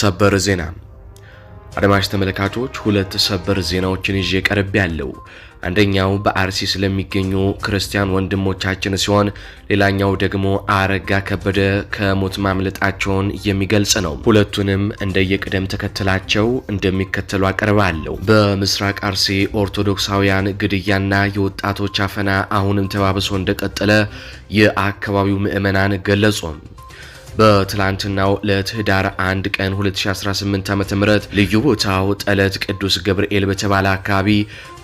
ሰበር ዜና አድማጭ ተመልካቾች ሁለት ሰበር ዜናዎችን ይዤ ቀርብ ያለው። አንደኛው በአርሲ ስለሚገኙ ክርስቲያን ወንድሞቻችን ሲሆን ሌላኛው ደግሞ አረጋ ከበደ ከሞት ማምለጣቸውን የሚገልጽ ነው። ሁለቱንም እንደየቅደም ተከተላቸው እንደሚከተሉ አቀርባለሁ። በምስራቅ አርሲ ኦርቶዶክሳውያን ግድያና የወጣቶች አፈና አሁንም ተባብሶ እንደቀጠለ የአካባቢው ምዕመናን ገለጹ። በትላንትናው ዕለት ህዳር 1 ቀን 2018 ዓ.ም ልዩ ቦታው ጠለት ቅዱስ ገብርኤል በተባለ አካባቢ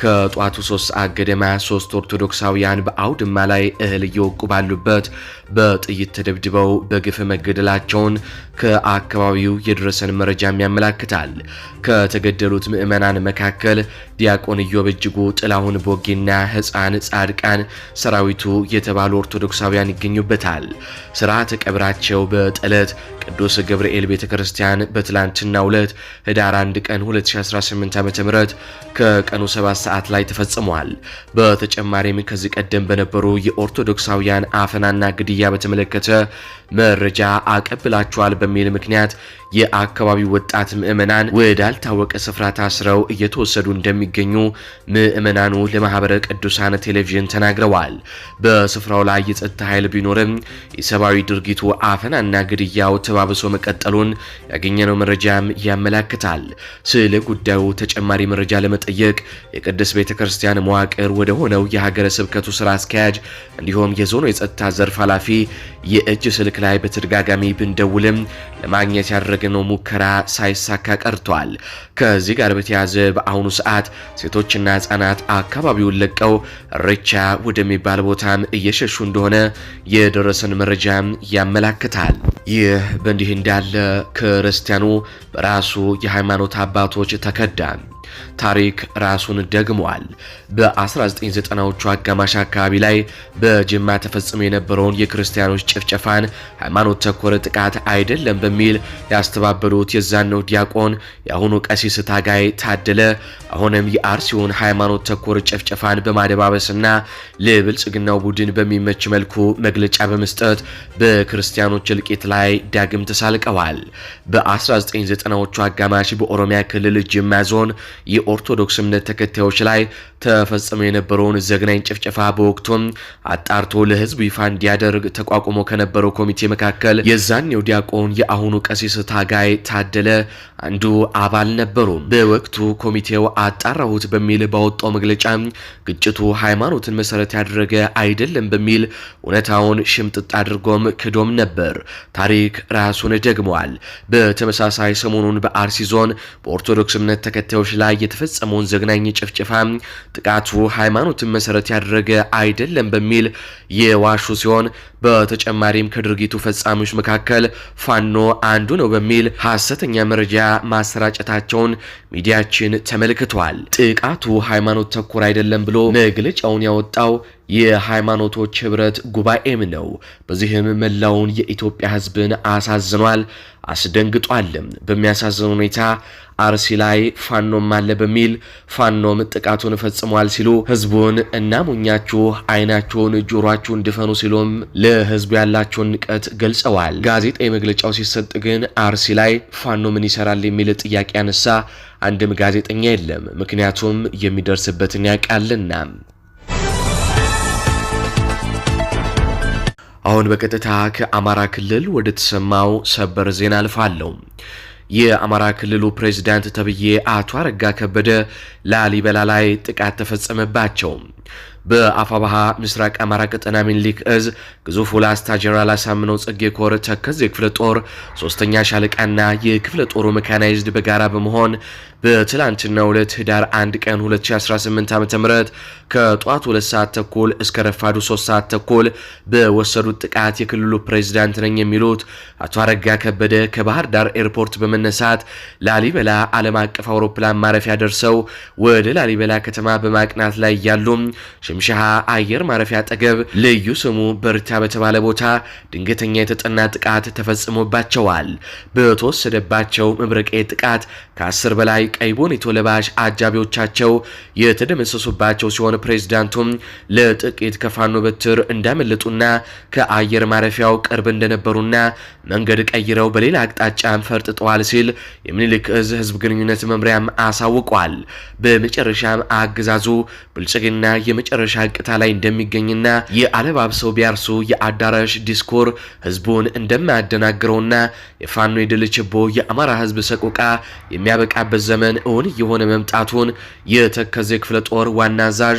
ከጧቱ 3 ሰዓት ገደማ ሶስት ኦርቶዶክሳውያን በአውድማ ላይ እህል እየወቁ ባሉበት በጥይት ተደብድበው በግፍ መገደላቸውን ከአካባቢው የደረሰን መረጃም ያመላክታል። ከተገደሉት ምዕመናን መካከል ዲያቆን ኢዮብ እጅጉ፣ ጥላሁን ቦጌና ህፃን ጻድቃን ሰራዊቱ የተባሉ ኦርቶዶክሳውያን ይገኙበታል። ስርዓተ ቀብራቸው በጠለት ቅዱስ ገብርኤል ቤተ ክርስቲያን በትላንትናው ዕለት ህዳር 1 ቀን 2018 ዓ.ም ከቀኑ 7 ሰዓት ላይ ተፈጽሟል። በተጨማሪም ከዚህ ቀደም በነበሩ የኦርቶዶክሳውያን አፈናና ግድያ በተመለከተ መረጃ አቀብላችኋል በሚል ምክንያት የአካባቢው ወጣት ምዕመናን ወዳልታወቀ ስፍራ ታስረው እየተወሰዱ እንደሚገኙ ምዕመናኑ ለማህበረ ቅዱሳን ቴሌቪዥን ተናግረዋል። በስፍራው ላይ የጸጥታ ኃይል ቢኖርም የሰብአዊ ድርጊቱ አፈናና ግድያው ተባብሶ መቀጠሉን ያገኘነው መረጃም ያመላክታል። ስለ ጉዳዩ ተጨማሪ መረጃ ለመጠየቅ የቅድስት ቤተ ክርስቲያን መዋቅር ወደ ሆነው የሀገረ ስብከቱ ስራ አስኪያጅ እንዲሁም የዞኑ የጸጥታ ዘርፍ ኃላፊ የእጅ ስልክ ላይ በተደጋጋሚ ብንደውልም ለማግኘት ያደረግነው ሙከራ ሳይሳካ ቀርቷል። ከዚህ ጋር በተያያዘ በአሁኑ ሰዓት ሴቶችና ህጻናት አካባቢውን ለቀው ሬቻ ወደሚባል ቦታም እየሸሹ እንደሆነ የደረሰን መረጃም ያመላክታል። ይህ በእንዲህ እንዳለ ክርስቲያኑ በራሱ የሃይማኖት አባቶች ተከዳን። ታሪክ ራሱን ደግሟል። በ1990ዎቹ አጋማሽ አካባቢ ላይ በጅማ ተፈጽሞ የነበረውን የክርስቲያኖች ጭፍጨፋን ሃይማኖት ተኮር ጥቃት አይደለም በሚል ያስተባበሉት የዛነው ዲያቆን የአሁኑ ቀሲስ ታጋይ ታደለ አሁንም የአርሲውን ሃይማኖት ተኮር ጭፍጨፋን በማደባበስና ለብልጽግናው ቡድን በሚመች መልኩ መግለጫ በመስጠት በክርስቲያኖች እልቂት ላይ ዳግም ተሳልቀዋል። በ1990ዎቹ አጋማሽ በኦሮሚያ ክልል ጅማ ዞን የኦርቶዶክስ እምነት ተከታዮች ላይ ተፈጽሞ የነበረውን ዘግናኝ ጭፍጨፋ በወቅቱም አጣርቶ ለህዝቡ ይፋ እንዲያደርግ ተቋቁሞ ከነበረው ኮሚቴ መካከል የዛኔው ዲያቆን የአሁኑ ቀሲስ ታጋይ ታደለ አንዱ አባል ነበሩ። በወቅቱ ኮሚቴው አጣራሁት በሚል ባወጣው መግለጫ ግጭቱ ሃይማኖትን መሰረት ያደረገ አይደለም በሚል እውነታውን ሽምጥጥ አድርጎም ክዶም ነበር። ታሪክ ራሱን ደግመዋል። በተመሳሳይ ሰሞኑን በአርሲ ዞን በኦርቶዶክስ እምነት ተከታዮች ላይ ላይ የተፈጸመውን ዘግናኝ ጭፍጨፋ ጥቃቱ ሃይማኖትን መሰረት ያደረገ አይደለም በሚል የዋሹ ሲሆን በተጨማሪም ከድርጊቱ ፈጻሚዎች መካከል ፋኖ አንዱ ነው በሚል ሐሰተኛ መረጃ ማሰራጨታቸውን ሚዲያችን ተመልክቷል። ጥቃቱ ሃይማኖት ተኮር አይደለም ብሎ መግለጫውን ያወጣው የሃይማኖቶች ህብረት ጉባኤም ነው። በዚህም መላውን የኢትዮጵያ ህዝብን አሳዝኗል፣ አስደንግጧልም። በሚያሳዝን ሁኔታ አርሲ ላይ ፋኖም አለ በሚል ፋኖም ጥቃቱን ፈጽሟል ሲሉ ህዝቡን እናሞኛችሁ አይናችሁን ጆሯችሁን ድፈኑ ሲሉም ለህዝቡ ያላቸውን ንቀት ገልጸዋል። ጋዜጣዊ መግለጫው ሲሰጥ ግን አርሲ ላይ ፋኖ ምን ይሰራል የሚል ጥያቄ ያነሳ አንድም ጋዜጠኛ የለም። ምክንያቱም የሚደርስበትን ያውቃልና። አሁን በቀጥታ ከአማራ ክልል ወደ ተሰማው ሰበር ዜና አልፋለሁ። የአማራ ክልሉ ፕሬዝዳንት ተብዬ አቶ አረጋ ከበደ ላሊበላ ላይ ጥቃት ተፈጸመባቸው። በአፋባሃ ምስራቅ አማራ ቀጠና ሚኒሊክ እዝ ግዙፉ ላስታ ጀነራል አሳምነው ጽጌ ኮር ተከዝ የክፍለ ጦር ሶስተኛ ሻለቃና የክፍለ ጦሩ መካናይዝድ በጋራ በመሆን በትላንትናው ዕለት ህዳር 1 ቀን 2018 ም ከጠዋት ሁለት ሰዓት ተኩል እስከ ረፋዱ ሶስት ሰዓት ተኩል በወሰዱት ጥቃት የክልሉ ፕሬዚዳንት ነኝ የሚሉት አቶ አረጋ ከበደ ከባህር ዳር ኤርፖርት በመነሳት ላሊበላ ዓለም አቀፍ አውሮፕላን ማረፊያ ደርሰው ወደ ላሊበላ ከተማ በማቅናት ላይ ያሉ ሽምሻሃ አየር ማረፊያ አጠገብ ልዩ ስሙ በርታ በተባለ ቦታ ድንገተኛ የተጠና ጥቃት ተፈጽሞባቸዋል። በተወሰደባቸው መብረቄ ጥቃት ከአስር በላይ ቀይ ቦኔቶ ለባሽ አጃቢዎቻቸው የተደመሰሱባቸው ሲሆን ሆነ ፕሬዝዳንቱም ለጥቂት ከፋኖ በትር እንዳመለጡና ከአየር ማረፊያው ቅርብ እንደነበሩና መንገድ ቀይረው በሌላ አቅጣጫ ፈርጥጠዋል ሲል የምኒልክ እዝ ህዝብ ግንኙነት መምሪያም አሳውቋል። በመጨረሻም አገዛዙ ብልጽግና የመጨረሻ ቅታ ላይ እንደሚገኝና የአለባብሰው ቢያርሱ የአዳራሽ ዲስኮር ህዝቡን እንደማያደናግረውና የፋኖ የድል ችቦ የአማራ ህዝብ ሰቆቃ የሚያበቃበት ዘመን እውን እየሆነ መምጣቱን የተከዜ ክፍለ ጦር ዋና አዛዥ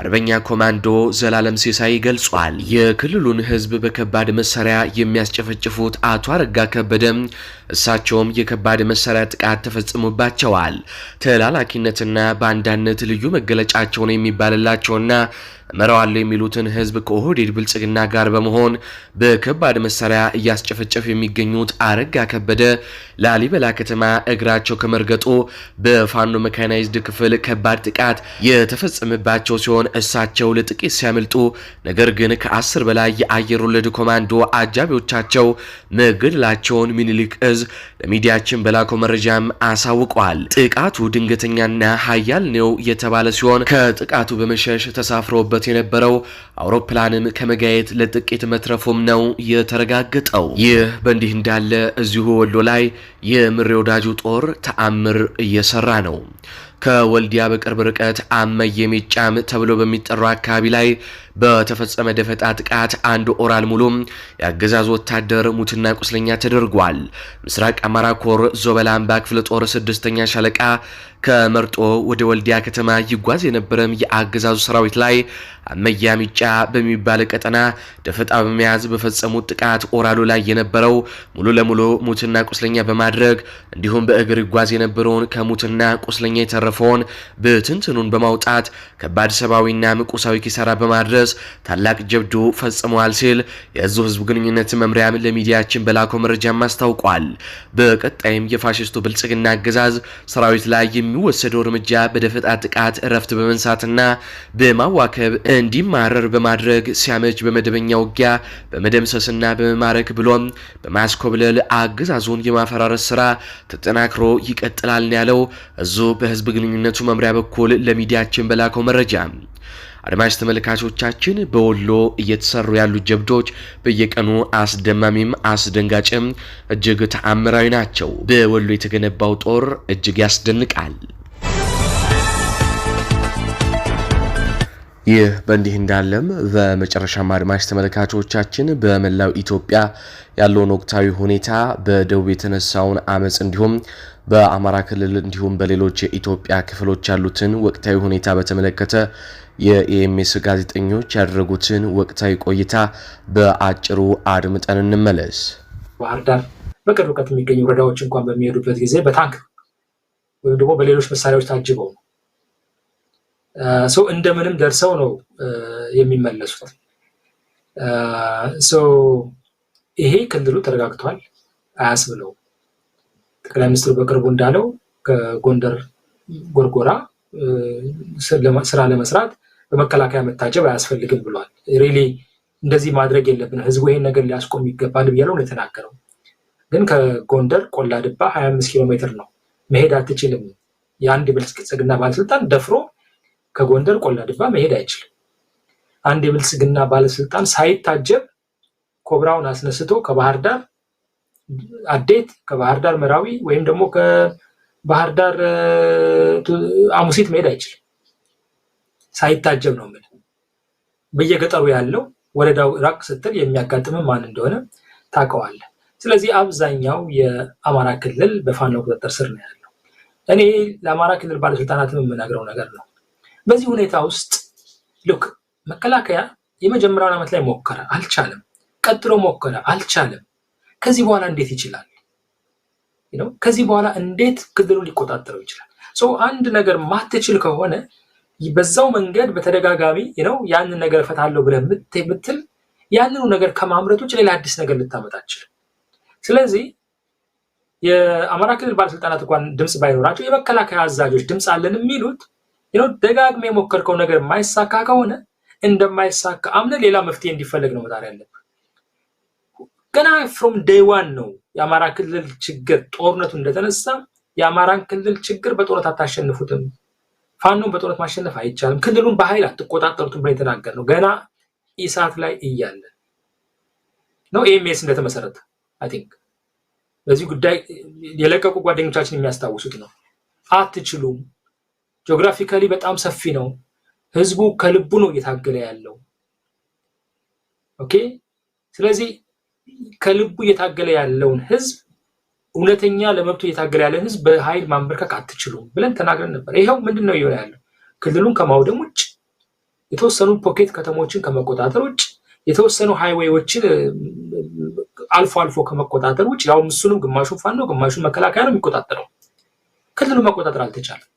አርበኛ ኮማንዶ ዘላለም ሲሳይ ገልጿል። የክልሉን ህዝብ በከባድ መሳሪያ የሚያስጨፈጭፉት አቶ አረጋ ከበደም እሳቸውም የከባድ መሳሪያ ጥቃት ተፈጽሞባቸዋል። ተላላኪነትና በአንዳነት ልዩ መገለጫቸውን የሚባልላቸውና መረዋለሁ የሚሉትን ህዝብ ከኦህዴድ ብልጽግና ጋር በመሆን በከባድ መሳሪያ እያስጨፈጨፉ የሚገኙት አረጋ ከበደ ላሊበላ ከተማ እግራቸው ከመርገጡ በፋኖ መካናይዝድ ክፍል ከባድ ጥቃት የተፈጸመባቸው ሲሆን ሲሆን እሳቸው ለጥቂት ሲያመልጡ፣ ነገር ግን ከአስር በላይ የአየር ወለድ ኮማንዶ አጃቢዎቻቸው መገደላቸውን ሚኒሊክ እዝ ለሚዲያችን በላከው መረጃም አሳውቀዋል። ጥቃቱ ድንገተኛና ሀያል ነው የተባለ ሲሆን ከጥቃቱ በመሸሽ ተሳፍሮበት የነበረው አውሮፕላንም ከመጋየት ለጥቂት መትረፉም ነው የተረጋገጠው። ይህ በእንዲህ እንዳለ እዚሁ ወሎ ላይ የምሬ ወዳጁ ጦር ተአምር እየሰራ ነው። ከወልዲያ በቅርብ ርቀት አመ የሚጫም ተብሎ በሚጠራው አካባቢ ላይ በተፈጸመ ደፈጣ ጥቃት አንድ ኦራል ሙሉም የአገዛዙ ወታደር ሙትና ቁስለኛ ተደርጓል። ምስራቅ አማራ ኮር ዞበላ አምባ ክፍለ ጦር ስድስተኛ ሻለቃ ከመርጦ ወደ ወልዲያ ከተማ ይጓዝ የነበረም የአገዛዙ ሰራዊት ላይ አመያ ሚጫ በሚባል ቀጠና ደፈጣ በመያዝ በፈጸሙት ጥቃት ኦራሉ ላይ የነበረው ሙሉ ለሙሉ ሙትና ቁስለኛ በማድረግ እንዲሁም በእግር ይጓዝ የነበረውን ከሙትና ቁስለኛ የተረፈውን ብትንትኑን በማውጣት ከባድ ሰብአዊና ምቁሳዊ ኪሳራ በማድረግ በመደምሰስ ታላቅ ጀብዱ ፈጽመዋል ሲል የዙ ህዝብ ግንኙነት መምሪያም ለሚዲያችን በላከው መረጃም አስታውቋል። በቀጣይም የፋሽስቱ ብልጽግና አገዛዝ ሰራዊት ላይ የሚወሰደው እርምጃ በደፈጣ ጥቃት እረፍት በመንሳትና በማዋከብ እንዲማረር በማድረግ ሲያመች በመደበኛ ውጊያ በመደምሰስና በመማረክ ብሎም በማስኮብለል አገዛዙን የማፈራረስ ስራ ተጠናክሮ ይቀጥላል ያለው እዙ በህዝብ ግንኙነቱ መምሪያ በኩል ለሚዲያችን በላከው መረጃ አድማጭ ተመልካቾቻችን በወሎ እየተሰሩ ያሉ ጀብዶች በየቀኑ አስደማሚም አስደንጋጭም እጅግ ተአምራዊ ናቸው። በወሎ የተገነባው ጦር እጅግ ያስደንቃል። ይህ በእንዲህ እንዳለም በመጨረሻም አድማጭ ተመልካቾቻችን በመላው ኢትዮጵያ ያለውን ወቅታዊ ሁኔታ በደቡብ የተነሳውን አመፅ እንዲሁም በአማራ ክልል እንዲሁም በሌሎች የኢትዮጵያ ክፍሎች ያሉትን ወቅታዊ ሁኔታ በተመለከተ የኢኤምኤስ ጋዜጠኞች ያደረጉትን ወቅታዊ ቆይታ በአጭሩ አድምጠን እንመለስ። ባህር ዳር በቅርብ ርቀት የሚገኙ ወረዳዎች እንኳን በሚሄዱበት ጊዜ በታንክ ወይም ደግሞ በሌሎች መሳሪያዎች ታጅበው ነው ሰው እንደምንም ደርሰው ነው የሚመለሱት። ይሄ ክልሉ ተረጋግቷል ብለው ጠቅላይ ሚኒስትሩ በቅርቡ እንዳለው ከጎንደር ጎርጎራ ስራ ለመስራት በመከላከያ መታጀብ አያስፈልግም ብሏል። ሬሊ እንደዚህ ማድረግ የለብን ህዝቡ ይሄን ነገር ሊያስቆም ይገባል ብያለው የተናገረው። ግን ከጎንደር ቆላ ድባ 25 ኪሎ ሜትር ነው መሄድ አትችልም። የአንድ የብልጽግና ባለስልጣን ደፍሮ ከጎንደር ቆላ ድባ መሄድ አይችልም። አንድ የብልጽግና ባለስልጣን ሳይታጀብ ኮብራውን አስነስቶ ከባህር ዳር አዴት፣ ከባህር ዳር መራዊ ወይም ደግሞ ከባህር ዳር አሙሲት መሄድ አይችልም። ሳይታጀብ ነው የምልህ። በየገጠሩ ያለው ወረዳው ራቅ ስትል የሚያጋጥም ማን እንደሆነ ታውቀዋለህ። ስለዚህ አብዛኛው የአማራ ክልል በፋኖ ቁጥጥር ስር ነው ያለው። እኔ ለአማራ ክልል ባለስልጣናትም የምናግረው ነገር ነው። በዚህ ሁኔታ ውስጥ ልክ መከላከያ የመጀመሪያውን ዓመት ላይ ሞከረ፣ አልቻለም። ቀጥሎ ሞከረ፣ አልቻለም። ከዚህ በኋላ እንዴት ይችላል? ከዚህ በኋላ እንዴት ክልሉ ሊቆጣጠረው ይችላል? አንድ ነገር ማትችል ከሆነ በዛው መንገድ በተደጋጋሚ ነው ያንን ነገር እፈታለሁ ብለህ የምትል ያንኑ ነገር ከማምረት ውጭ ሌላ አዲስ ነገር ልታመጣ ስለዚህ የአማራ ክልል ባለስልጣናት እንኳን ድምፅ ባይኖራቸው የመከላከያ አዛዦች ድምፅ አለን የሚሉት ደጋግሜ የሞከርከው ነገር የማይሳካ ከሆነ እንደማይሳካ አምነህ ሌላ መፍትሄ እንዲፈለግ ነው መጣር ያለብህ። ገና ፍሮም ደይዋን ነው የአማራ ክልል ችግር ጦርነቱ እንደተነሳ የአማራን ክልል ችግር በጦርነት አታሸንፉትም ፋኖን በጦርነት ማሸነፍ አይቻልም፣ ክልሉን በኃይል አትቆጣጠሩትም ብለን ነው። ገና ኢሳት ላይ እያለ ነው። ኤምኤስ እንደተመሰረተ አይ ቲንክ በዚህ ጉዳይ የለቀቁ ጓደኞቻችን የሚያስታውሱት ነው። አትችሉም፣ ጂኦግራፊካሊ በጣም ሰፊ ነው። ህዝቡ ከልቡ ነው እየታገለ ያለው። ኦኬ። ስለዚህ ከልቡ እየታገለ ያለውን ህዝብ እውነተኛ ለመብቱ እየታገለ ያለን ህዝብ በኃይል ማንበርከክ አትችሉም ብለን ተናግረን ነበር። ይኸው ምንድን ነው እየሆነ ያለው? ክልሉን ከማውደም ውጭ የተወሰኑ ፖኬት ከተሞችን ከመቆጣጠር ውጭ የተወሰኑ ሃይዌዎችን አልፎ አልፎ ከመቆጣጠር ውጭ ያው ምሱንም ግማሹን ፋኖ ግማሹን መከላከያ ነው የሚቆጣጠረው። ክልሉ መቆጣጠር አልተቻለም።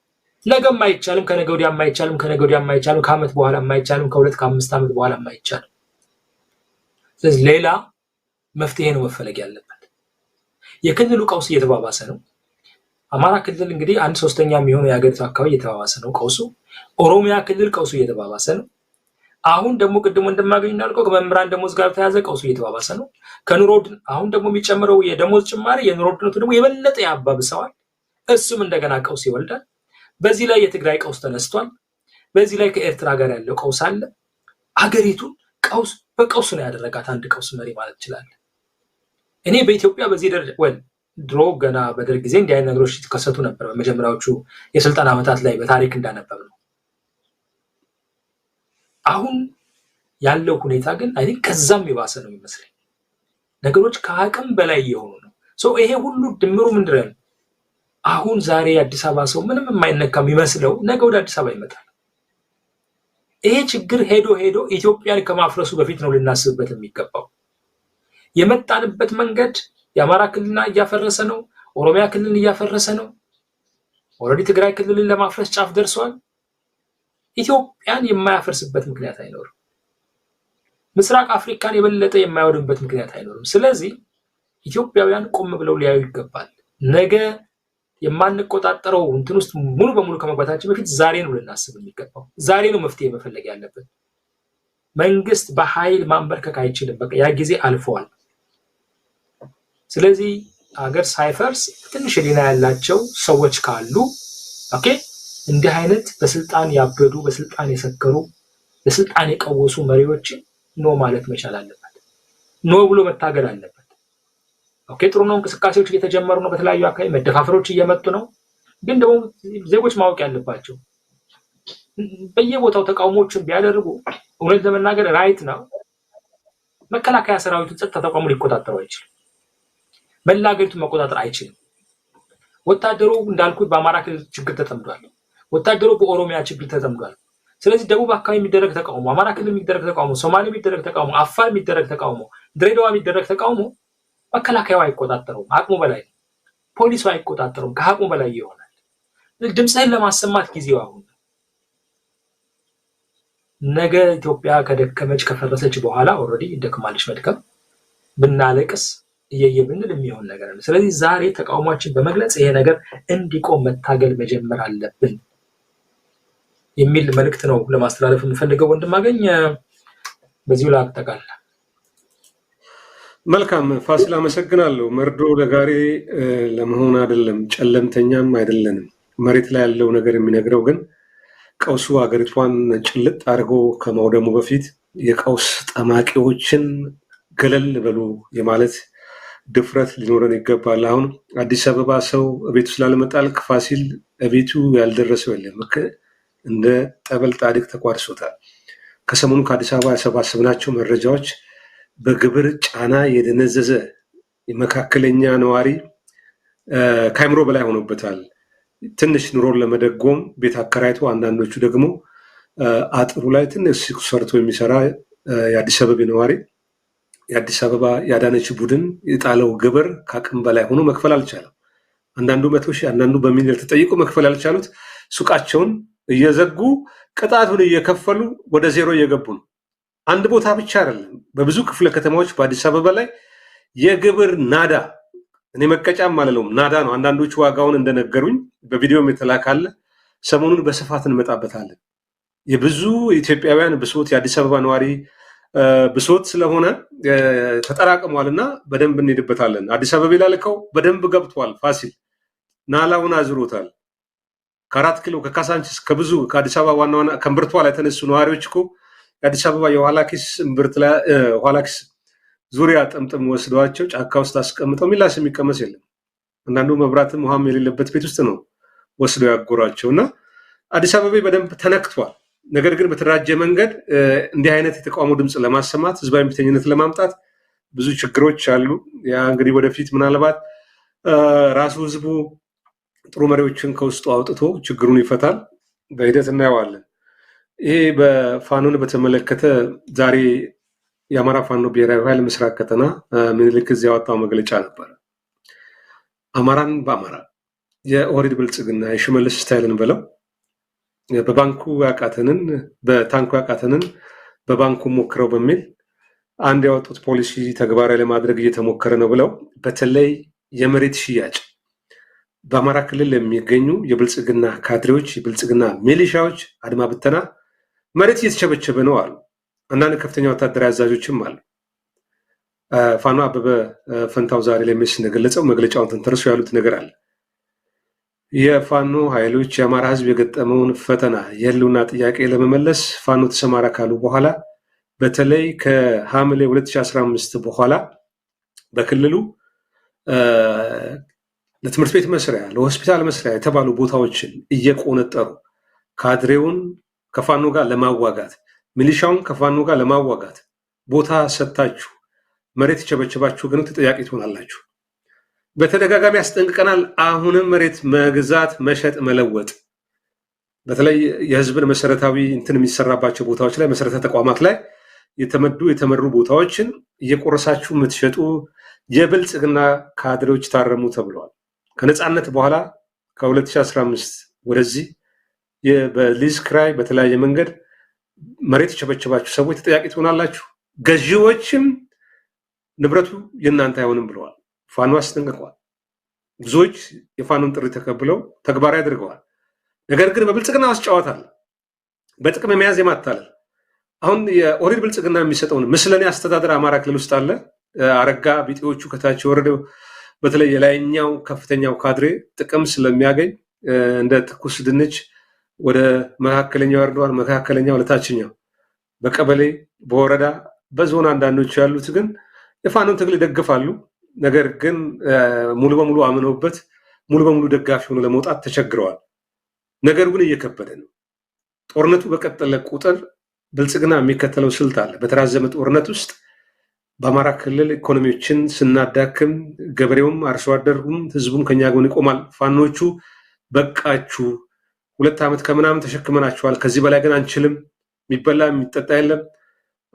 ነገም አይቻልም፣ ከነገ ወዲያ አይቻልም፣ ከነገ ወዲያ አይቻልም፣ በኋላ አይቻልም፣ ከሁለት ከአምስት ዓመት በኋላ አይቻልም። ስለዚህ ሌላ መፍትሄ ነው መፈለግ ያለበት። የክልሉ ቀውስ እየተባባሰ ነው። አማራ ክልል እንግዲህ አንድ ሶስተኛ የሚሆነው የሀገሪቱ አካባቢ እየተባባሰ ነው ቀውሱ። ኦሮሚያ ክልል ቀውሱ እየተባባሰ ነው። አሁን ደግሞ ቅድሞ እንደማገኝ እናልቀው ከመምህራን ደሞዝ ጋር ተያዘ ቀውሱ እየተባባሰ ነው። ከኑሮ አሁን ደግሞ የሚጨምረው የደሞዝ ጭማሪ የኑሮ ውድነቱ ደግሞ የበለጠ ያባብሰዋል። እሱም እንደገና ቀውስ ይወልዳል። በዚህ ላይ የትግራይ ቀውስ ተነስቷል። በዚህ ላይ ከኤርትራ ጋር ያለው ቀውስ አለ። አገሪቱን ቀውስ በቀውስ ነው ያደረጋት። አንድ ቀውስ መሪ ማለት ይችላል። እኔ በኢትዮጵያ በዚህ ደረጃ ወይ ድሮ ገና በደርግ ጊዜ እንዲህ አይነት ነገሮች ሲከሰቱ ነበር። በመጀመሪያዎቹ የስልጣን ዓመታት ላይ በታሪክ እንዳነበብ ነው። አሁን ያለው ሁኔታ ግን አይ ከዛም የባሰ ነው ይመስለኝ። ነገሮች ከአቅም በላይ እየሆኑ ነው። ሰው ይሄ ሁሉ ድምሩ ምንድን አሁን ዛሬ የአዲስ አበባ ሰው ምንም የማይነካ የሚመስለው ነገ ወደ አዲስ አበባ ይመጣል። ይሄ ችግር ሄዶ ሄዶ ኢትዮጵያን ከማፍረሱ በፊት ነው ልናስብበት የሚገባው። የመጣንበት መንገድ የአማራ ክልልና እያፈረሰ ነው፣ ኦሮሚያ ክልልን እያፈረሰ ነው። ኦልሬዲ ትግራይ ክልልን ለማፍረስ ጫፍ ደርሷል። ኢትዮጵያን የማያፈርስበት ምክንያት አይኖርም። ምስራቅ አፍሪካን የበለጠ የማይወድምበት ምክንያት አይኖርም። ስለዚህ ኢትዮጵያውያን ቆም ብለው ሊያዩ ይገባል። ነገ የማንቆጣጠረው እንትን ውስጥ ሙሉ በሙሉ ከመግባታችን በፊት ዛሬ ነው ልናስብ የሚገባው። ዛሬ ነው መፍትሄ መፈለግ ያለብን። መንግስት በኃይል ማንበርከክ አይችልም። በቃ ያ ጊዜ አልፈዋል። ስለዚህ ሀገር ሳይፈርስ ትንሽ ሊና ያላቸው ሰዎች ካሉ ኦኬ እንዲህ አይነት በስልጣን ያበዱ በስልጣን የሰከሩ በስልጣን የቀወሱ መሪዎችን ኖ ማለት መቻል አለበት። ኖ ብሎ መታገል አለበት። ኦኬ ጥሩ ነው። እንቅስቃሴዎች እየተጀመሩ ነው። በተለያዩ አካባቢ መደፋፈሮች እየመጡ ነው። ግን ደግሞ ዜጎች ማወቅ ያለባቸው በየቦታው ተቃውሞዎችን ቢያደርጉ እውነት ለመናገር ራይት ነው መከላከያ ሰራዊቱን ጸጥታ ተቋሙ ሊቆጣጠሩ አይችልም። መላ ሀገሪቱን መቆጣጠር አይችልም። ወታደሩ እንዳልኩት በአማራ ክልል ችግር ተጠምዷል። ወታደሩ በኦሮሚያ ችግር ተጠምዷል። ስለዚህ ደቡብ አካባቢ የሚደረግ ተቃውሞ፣ አማራ ክልል የሚደረግ ተቃውሞ፣ ሶማሌ የሚደረግ ተቃውሞ፣ አፋር የሚደረግ ተቃውሞ፣ ድሬዳዋ የሚደረግ ተቃውሞ መከላከያው አይቆጣጠረውም። አቅሙ በላይ ነው። ፖሊሱ አይቆጣጠረውም። ከአቅሙ በላይ ይሆናል። ድምፅህን ለማሰማት ጊዜው አሁን ነገ ኢትዮጵያ ከደከመች ከፈረሰች በኋላ ኦልሬዲ ደክማለች። መድከም ብናለቅስ እየየ ብንል የሚሆን ነገር ነው። ስለዚህ ዛሬ ተቃውሟችን በመግለጽ ይሄ ነገር እንዲቆም መታገል መጀመር አለብን የሚል መልእክት ነው ለማስተላለፍ የምፈልገው። ወንድማገኝ በዚሁ ላጠቃል። መልካም ፋሲል አመሰግናለሁ። መርዶ ለጋሪ ለመሆን አይደለም፣ ጨለምተኛም አይደለንም። መሬት ላይ ያለው ነገር የሚነግረው ግን ቀውሱ ሀገሪቷን ጭልጥ አድርጎ ከማውደሙ በፊት የቀውስ ጠማቂዎችን ገለል በሉ የማለት ድፍረት ሊኖረን ይገባል። አሁን አዲስ አበባ ሰው ቤቱ ስላልመጣል ፋሲል ቤቱ ያልደረሰው የለም። እንደ ጠበል ጣሪክ ተቋርሶታል። ከሰሞኑ ከአዲስ አበባ ያሰባሰብናቸው መረጃዎች በግብር ጫና የደነዘዘ መካከለኛ ነዋሪ ከአይምሮ በላይ ሆኖበታል። ትንሽ ኑሮን ለመደጎም ቤት አከራይቶ፣ አንዳንዶቹ ደግሞ አጥሩ ላይ ትንሽ ሰርቶ የሚሰራ የአዲስ አበባ ነዋሪ የአዲስ አበባ የአዳነች ቡድን የጣለው ግብር ከአቅም በላይ ሆኖ መክፈል አልቻለም። አንዳንዱ መቶ ሺህ አንዳንዱ በሚሊዮን ተጠይቆ መክፈል ያልቻሉት ሱቃቸውን እየዘጉ ቅጣቱን እየከፈሉ ወደ ዜሮ እየገቡ ነው። አንድ ቦታ ብቻ አይደለም። በብዙ ክፍለ ከተማዎች በአዲስ አበባ ላይ የግብር ናዳ፣ እኔ መቀጫም አልለውም ናዳ ነው። አንዳንዶቹ ዋጋውን እንደነገሩኝ በቪዲዮም የተላካለ ሰሞኑን በስፋት እንመጣበታለን። የብዙ ኢትዮጵያውያን ብሶት የአዲስ አበባ ነዋሪ ብሶት ስለሆነ ተጠራቅሟል እና በደንብ እንሄድበታለን። አዲስ አበባ ላልከው በደንብ ገብቷል። ፋሲል ናላውን አዝሮታል። ከአራት ኪሎ ከካሳንችስ ከብዙ ከአዲስ አበባ ዋና ዋና ከእምብርቷ ላይ የተነሱ ነዋሪዎች እኮ የአዲስ አበባ የኋላ ኪስ እምብርት ኋላ ኪስ ዙሪያ ጥምጥም ወስደዋቸው ጫካ ውስጥ አስቀምጠው ሚላስ የሚቀመስ የለም። አንዳንዱ መብራትም ውሃም የሌለበት ቤት ውስጥ ነው ወስደው ያጎሯቸው እና አዲስ አበባ በደንብ ተነክቷል። ነገር ግን በተደራጀ መንገድ እንዲህ አይነት የተቃውሞ ድምፅ ለማሰማት ህዝባዊ እምቢተኝነት ለማምጣት ብዙ ችግሮች አሉ። ያ እንግዲህ ወደፊት ምናልባት ራሱ ህዝቡ ጥሩ መሪዎችን ከውስጡ አውጥቶ ችግሩን ይፈታል። በሂደት እናየዋለን። ይሄ በፋኖን በተመለከተ ዛሬ የአማራ ፋኖ ብሔራዊ ኃይል ምስራቅ ቀጠና ምኒልክ እዚያ ያወጣው መግለጫ ነበረ። አማራን በአማራ የኦህዴድ ብልጽግና የሽመልስ ስታይልን ብለው በባንኩ ያቃተንን በታንኩ ያቃተንን በባንኩ ሞክረው በሚል አንድ ያወጡት ፖሊሲ ተግባራዊ ለማድረግ እየተሞከረ ነው ብለው በተለይ የመሬት ሽያጭ በአማራ ክልል የሚገኙ የብልጽግና ካድሬዎች፣ የብልጽግና ሚሊሻዎች፣ አድማ ብተና መሬት እየተቸበቸበ ነው አሉ። አንዳንድ ከፍተኛ ወታደራዊ አዛዦችም አሉ። ፋኖ አበበ ፈንታው ዛሬ ላይ እንደገለጸው መግለጫውን ተንተርሶ ያሉት ነገር አለ። የፋኖ ኃይሎች የአማራ ህዝብ የገጠመውን ፈተና የህልውና ጥያቄ ለመመለስ ፋኖ ተሰማራ ካሉ በኋላ በተለይ ከሐምሌ 2015 በኋላ በክልሉ ለትምህርት ቤት መስሪያ፣ ለሆስፒታል መስሪያ የተባሉ ቦታዎችን እየቆነጠሩ ካድሬውን ከፋኖ ጋር ለማዋጋት ሚሊሻውን ከፋኖ ጋር ለማዋጋት ቦታ ሰጥታችሁ መሬት የቸበቸባችሁ ግን ተጠያቂ ትሆናላችሁ። በተደጋጋሚ ያስጠንቅቀናል። አሁንም መሬት መግዛት፣ መሸጥ፣ መለወጥ በተለይ የህዝብን መሰረታዊ እንትን የሚሰራባቸው ቦታዎች ላይ መሰረተ ተቋማት ላይ የተመዱ የተመሩ ቦታዎችን እየቆረሳችሁ የምትሸጡ የብልጽግና ካድሬዎች ታረሙ ተብለዋል። ከነፃነት በኋላ ከ2015 ወደዚህ በሊዝ ክራይ በተለያየ መንገድ መሬት የቸበቸባችሁ ሰዎች ተጠያቂ ትሆናላችሁ፣ ገዢዎችም ንብረቱ የእናንተ አይሆንም ብለዋል። ፋኖ አስጠንቅቀዋል። ብዙዎች የፋኖን ጥሪ ተቀብለው ተግባራዊ አድርገዋል። ነገር ግን በብልጽግና ውስጥ አለ። በጥቅም የመያዝ የማታለል አሁን የኦህዴድ ብልጽግና የሚሰጠውን ምስለኔ አስተዳደር አማራ ክልል ውስጥ አለ። አረጋ ቢጤዎቹ ከታች ወረደው በተለይ የላይኛው ከፍተኛው ካድሬ ጥቅም ስለሚያገኝ እንደ ትኩስ ድንች ወደ መካከለኛው ያርደዋል። መካከለኛው ለታችኛው በቀበሌ በወረዳ በዞን አንዳንዶች ያሉት ግን የፋኖን ትግል ይደግፋሉ። ነገር ግን ሙሉ በሙሉ አምነውበት ሙሉ በሙሉ ደጋፊ ሆኖ ለመውጣት ተቸግረዋል። ነገሩ ግን እየከበደ ነው። ጦርነቱ በቀጠለ ቁጥር ብልጽግና የሚከተለው ስልት አለ። በተራዘመ ጦርነት ውስጥ በአማራ ክልል ኢኮኖሚዎችን ስናዳክም ገበሬውም አርሶ አደሩም ህዝቡም ከኛ ጎን ይቆማል። ፋኖቹ በቃችሁ፣ ሁለት ዓመት ከምናምን ተሸክመናችኋል፣ ከዚህ በላይ ግን አንችልም፣ የሚበላ የሚጠጣ የለም።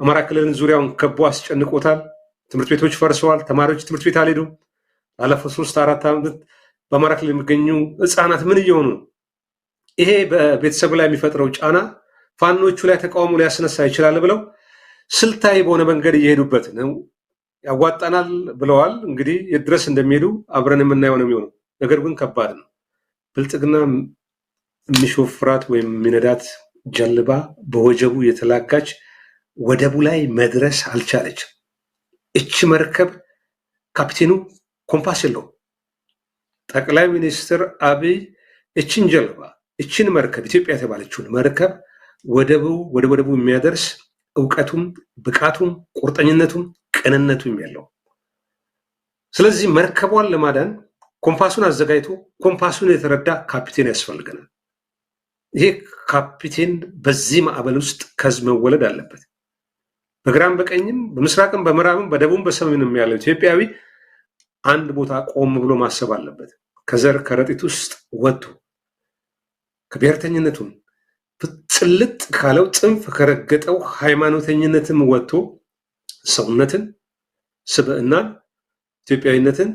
አማራ ክልልን ዙሪያውን ከቦ አስጨንቆታል። ትምህርት ቤቶች ፈርሰዋል። ተማሪዎች ትምህርት ቤት አልሄዱም። ባለፈው ሶስት አራት ዓመት በአማራ ክልል የሚገኙ ህፃናት ምን እየሆኑ ነው? ይሄ በቤተሰብ ላይ የሚፈጥረው ጫና ፋኖቹ ላይ ተቃውሞ ሊያስነሳ ይችላል ብለው ስልታዊ በሆነ መንገድ እየሄዱበት ነው። ያዋጣናል ብለዋል። እንግዲህ የድረስ እንደሚሄዱ አብረን የምናየው ነው የሚሆነው። ነገር ግን ከባድ ነው። ብልጽግና የሚሾፍራት ወይም የሚነዳት ጀልባ በወጀቡ የተላጋች ወደቡ ላይ መድረስ አልቻለችም። እች መርከብ ካፕቴኑ ኮምፓስ የለውም። ጠቅላይ ሚኒስትር አብይ እችን ጀልባ እችን መርከብ ኢትዮጵያ የተባለችውን መርከብ ወደቡ ወደ ወደቡ የሚያደርስ እውቀቱም ብቃቱም ቁርጠኝነቱም ቅንነቱም ያለው ስለዚህ መርከቧን ለማዳን ኮምፓሱን አዘጋጅቶ ኮምፓሱን የተረዳ ካፒቴን ያስፈልገናል። ይሄ ካፒቴን በዚህ ማዕበል ውስጥ ከህዝብ መወለድ አለበት። በግራም በቀኝም በምስራቅም በምዕራብም በደቡብም በሰሜንም ያለው ኢትዮጵያዊ አንድ ቦታ ቆም ብሎ ማሰብ አለበት። ከዘር ከረጢት ውስጥ ወጥቶ ከብሔርተኝነቱም ጽልጥ ካለው ጽንፍ ከረገጠው ሃይማኖተኝነትም ወጥቶ ሰውነትን፣ ስብዕናን፣ ኢትዮጵያዊነትን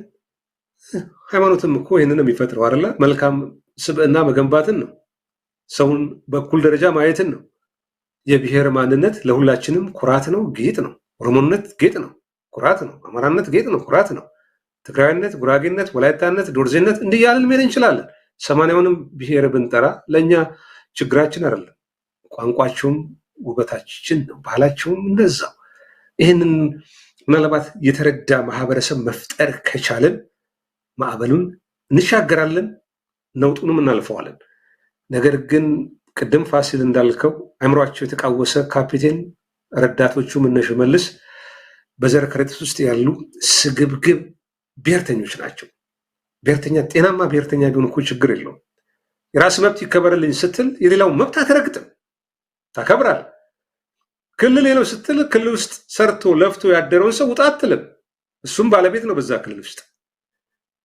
ሃይማኖትም እኮ ይህንን የሚፈጥረው አይደለ? መልካም ስብዕና መገንባትን ነው። ሰውን በኩል ደረጃ ማየትን ነው። የብሔር ማንነት ለሁላችንም ኩራት ነው፣ ጌጥ ነው። ኦሮሞነት ጌጥ ነው፣ ኩራት ነው። አማራነት ጌጥ ነው፣ ኩራት ነው። ትግራዊነት፣ ጉራጌነት፣ ወላይታነት፣ ዶርዜነት እንዲህ ያልን መሄድ እንችላለን። ሰማንያውንም ብሔር ብንጠራ ለእኛ ችግራችን አይደለም። ቋንቋቸውም ውበታችን ነው፣ ባህላቸውም እንደዛው። ይህንን ምናልባት የተረዳ ማህበረሰብ መፍጠር ከቻልን ማዕበሉን እንሻገራለን፣ ነውጡንም እናልፈዋለን። ነገር ግን ቅድም ፋሲል እንዳልከው አእምሯቸው የተቃወሰ ካፒቴን፣ ረዳቶቹ ምነሽ መልስ በዘር ከረጢት ውስጥ ያሉ ስግብግብ ብሔርተኞች ናቸው። ብሔርተኛ ጤናማ ብሔርተኛ ቢሆን እኮ ችግር የለውም። የራስ መብት ይከበርልኝ ስትል የሌላው መብት አትረግጥም፣ ታከብራል። ክልል የለው ስትል ክልል ውስጥ ሰርቶ ለፍቶ ያደረውን ሰው ውጣ አትልም። እሱም ባለቤት ነው በዛ ክልል ውስጥ።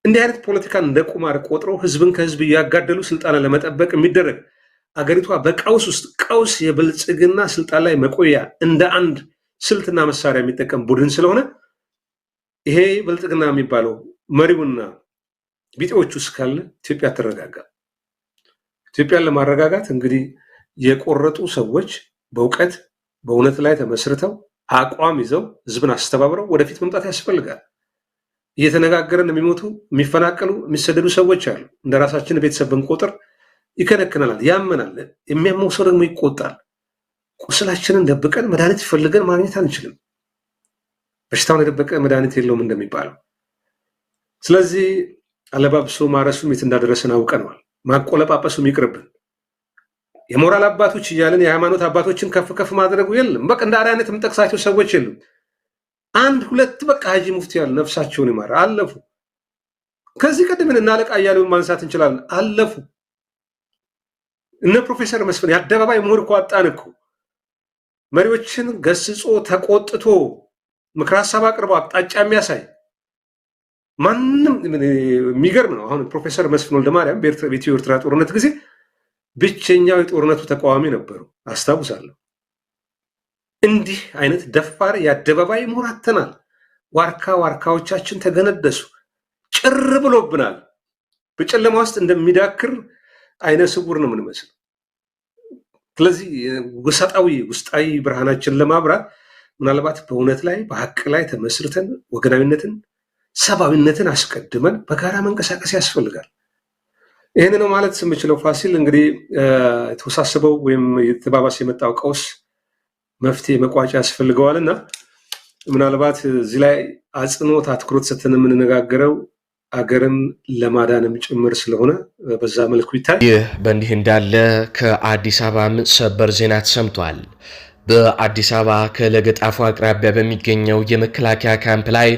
እንዲህ አይነት ፖለቲካን እንደ ቁማር ቆጥረው ህዝብን ከህዝብ እያጋደሉ ስልጣን ለመጠበቅ የሚደረግ አገሪቷ በቀውስ ውስጥ ቀውስ የብልጽግና ስልጣን ላይ መቆያ እንደ አንድ ስልትና መሳሪያ የሚጠቀም ቡድን ስለሆነ ይሄ ብልጽግና የሚባለው መሪውና ቢጤዎቹ ውስጥ ካለ ኢትዮጵያ አትረጋጋ። ኢትዮጵያን ለማረጋጋት እንግዲህ የቆረጡ ሰዎች በእውቀት በእውነት ላይ ተመስርተው አቋም ይዘው ህዝብን አስተባብረው ወደፊት መምጣት ያስፈልጋል። እየተነጋገረን የሚሞቱ የሚፈናቀሉ የሚሰደዱ ሰዎች አሉ። እንደ ራሳችን ቤተሰብ ቁጥር። ይከነክነናል፣ ያመናል፣ የሚያመው ሰው ደግሞ ይቆጣል። ቁስላችንን ደብቀን መድኃኒት ፈልገን ማግኘት አንችልም። በሽታውን የደበቀ መድኃኒት የለውም እንደሚባለው። ስለዚህ አለባብሶ ማረሱ የት እንዳደረሰን አውቀነዋል። ማቆለጳጳሱም ይቅርብን። የሞራል አባቶች እያለን የሃይማኖት አባቶችን ከፍ ከፍ ማድረጉ የለም። በቃ እንደ አርአያነት የምጠቅሳቸው ሰዎች የሉም። አንድ ሁለት በቃ ሀጂ ሙፍቲ ያሉ ነፍሳቸውን ይማረ አለፉ። ከዚህ ቀደም እናለቃ እያለን ማንሳት እንችላለን አለፉ። እነ ፕሮፌሰር መስፍን የአደባባይ ምሁር እኮ አጣን እኮ መሪዎችን ገስጾ ተቆጥቶ ምክር ሀሳብ አቅርቦ አቅጣጫ የሚያሳይ ማንም የሚገርም ነው። አሁን ፕሮፌሰር መስፍን ወልደማርያም በኢትዮ ኤርትራ ጦርነት ጊዜ ብቸኛው የጦርነቱ ተቃዋሚ ነበሩ አስታውሳለሁ። እንዲህ አይነት ደፋር የአደባባይ ምሁር አተናል ዋርካ ዋርካዎቻችን ተገነደሱ፣ ጭር ብሎብናል። በጨለማ ውስጥ እንደሚዳክር አይነ ስውር ነው የምንመስለው። ስለዚህ ውሰጣዊ ውስጣዊ ብርሃናችን ለማብራት ምናልባት በእውነት ላይ በሀቅ ላይ ተመስርተን ወገናዊነትን፣ ሰብአዊነትን አስቀድመን በጋራ መንቀሳቀስ ያስፈልጋል። ይህን ነው ማለት የምችለው። ፋሲል እንግዲህ የተወሳሰበው ወይም የተባባሰ የመጣው ቀውስ መፍትሄ መቋጫ ያስፈልገዋል እና ምናልባት እዚህ ላይ አጽንኦት አትኩሮት ሰተን የምንነጋገረው አገርን ለማዳንም ጭምር ስለሆነ በዛ መልኩ ይታይ። ይህ በእንዲህ እንዳለ ከአዲስ አበባም ሰበር ዜና ተሰምቷል። በአዲስ አበባ ከለገጣፉ አቅራቢያ በሚገኘው የመከላከያ ካምፕ ላይ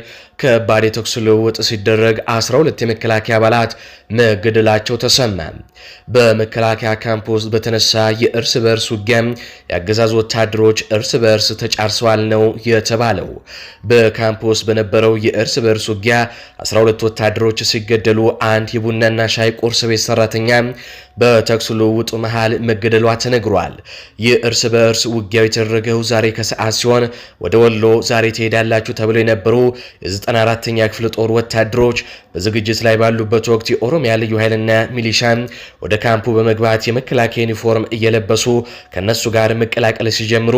ከባድ የተኩስ ልውውጥ ሲደረግ 12 የመከላከያ አባላት መገደላቸው ተሰማ። በመከላከያ ካምፕ ውስጥ በተነሳ የእርስ በእርስ ውጊያ የአገዛዙ ወታደሮች እርስ በእርስ ተጫርሰዋል ነው የተባለው። በካምፕ ውስጥ በነበረው የእርስ በእርስ ውጊያ 12 ወታደሮች ሲገደሉ አንድ የቡናና ሻይ ቁርስ ቤት ሰራተኛ በተኩስ ልውውጡ መሃል መገደሏ ተነግሯል። የእርስ በእርስ ውጊያው የተደረገው ዛሬ ከሰዓት ሲሆን ወደ ወሎ ዛሬ ትሄዳላችሁ ተብሎ የነበሩ 94ኛ ክፍለ ጦር ወታደሮች በዝግጅት ላይ ባሉበት ወቅት የኦሮሚያ ልዩ ኃይልና ሚሊሻን ወደ ካምፑ በመግባት የመከላከያ ዩኒፎርም እየለበሱ ከነሱ ጋር መቀላቀል ሲጀምሩ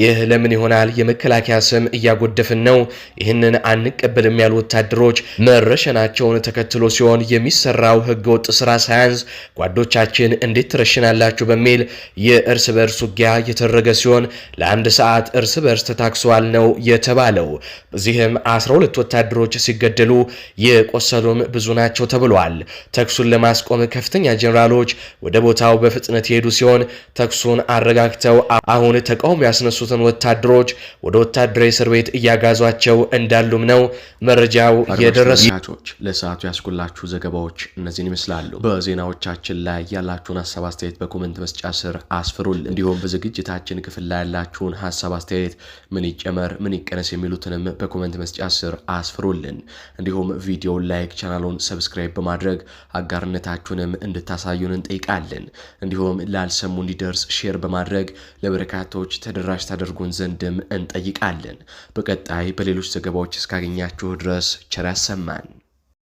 ይህ ለምን ይሆናል? የመከላከያ ስም እያጎደፍን ነው፣ ይህንን አንቀበልም ያሉ ወታደሮች መረሸናቸውን ተከትሎ ሲሆን የሚሰራው ህገወጥ ስራ ሳያንስ ጓዶቻችን እንዴት ትረሽናላችሁ? በሚል የእርስ በእርስ ውጊያ የተደረገ ሲሆን ለአንድ ሰዓት እርስ በእርስ ተታክሷል ነው የተባለው። በዚህም 12 ወታደሮች ሲገደሉ የቆሰሉም ብዙ ናቸው ተብሏል። ተኩሱን ለማስቆም ከፍተኛ ጀኔራሎች ወደ ቦታው በፍጥነት የሄዱ ሲሆን ተኩሱን አረጋግተው አሁን ተቃውሞ ያስነሱትን ወታደሮች ወደ ወታደራዊ እስር ቤት እያጋዟቸው እንዳሉም ነው መረጃው የደረሱ። ለሰዓቱ ያስኩላችሁ ዘገባዎች እነዚህን ይመስላሉ። በዜናዎቻችን ላይ ያላችሁን ሀሳብ አስተያየት በኮመንት መስጫ ስር አስፍሩል። እንዲሁም በዝግጅታችን ክፍል ላይ ያላችሁን ሀሳብ አስተያየት ምን ይጨመር ምን ይቀነስ የሚሉትንም በኮመንት መስጫ ስር አስፍሩልን። እንዲሁም ቪዲዮን ላይክ፣ ቻናሉን ሰብስክራይብ በማድረግ አጋርነታችሁንም እንድታሳዩን እንጠይቃለን። እንዲሁም ላልሰሙ እንዲደርስ ሼር በማድረግ ለበርካቶች ተደራሽ ታደርጉን ዘንድም እንጠይቃለን። በቀጣይ በሌሎች ዘገባዎች እስካገኛችሁ ድረስ ቸር ያሰማን።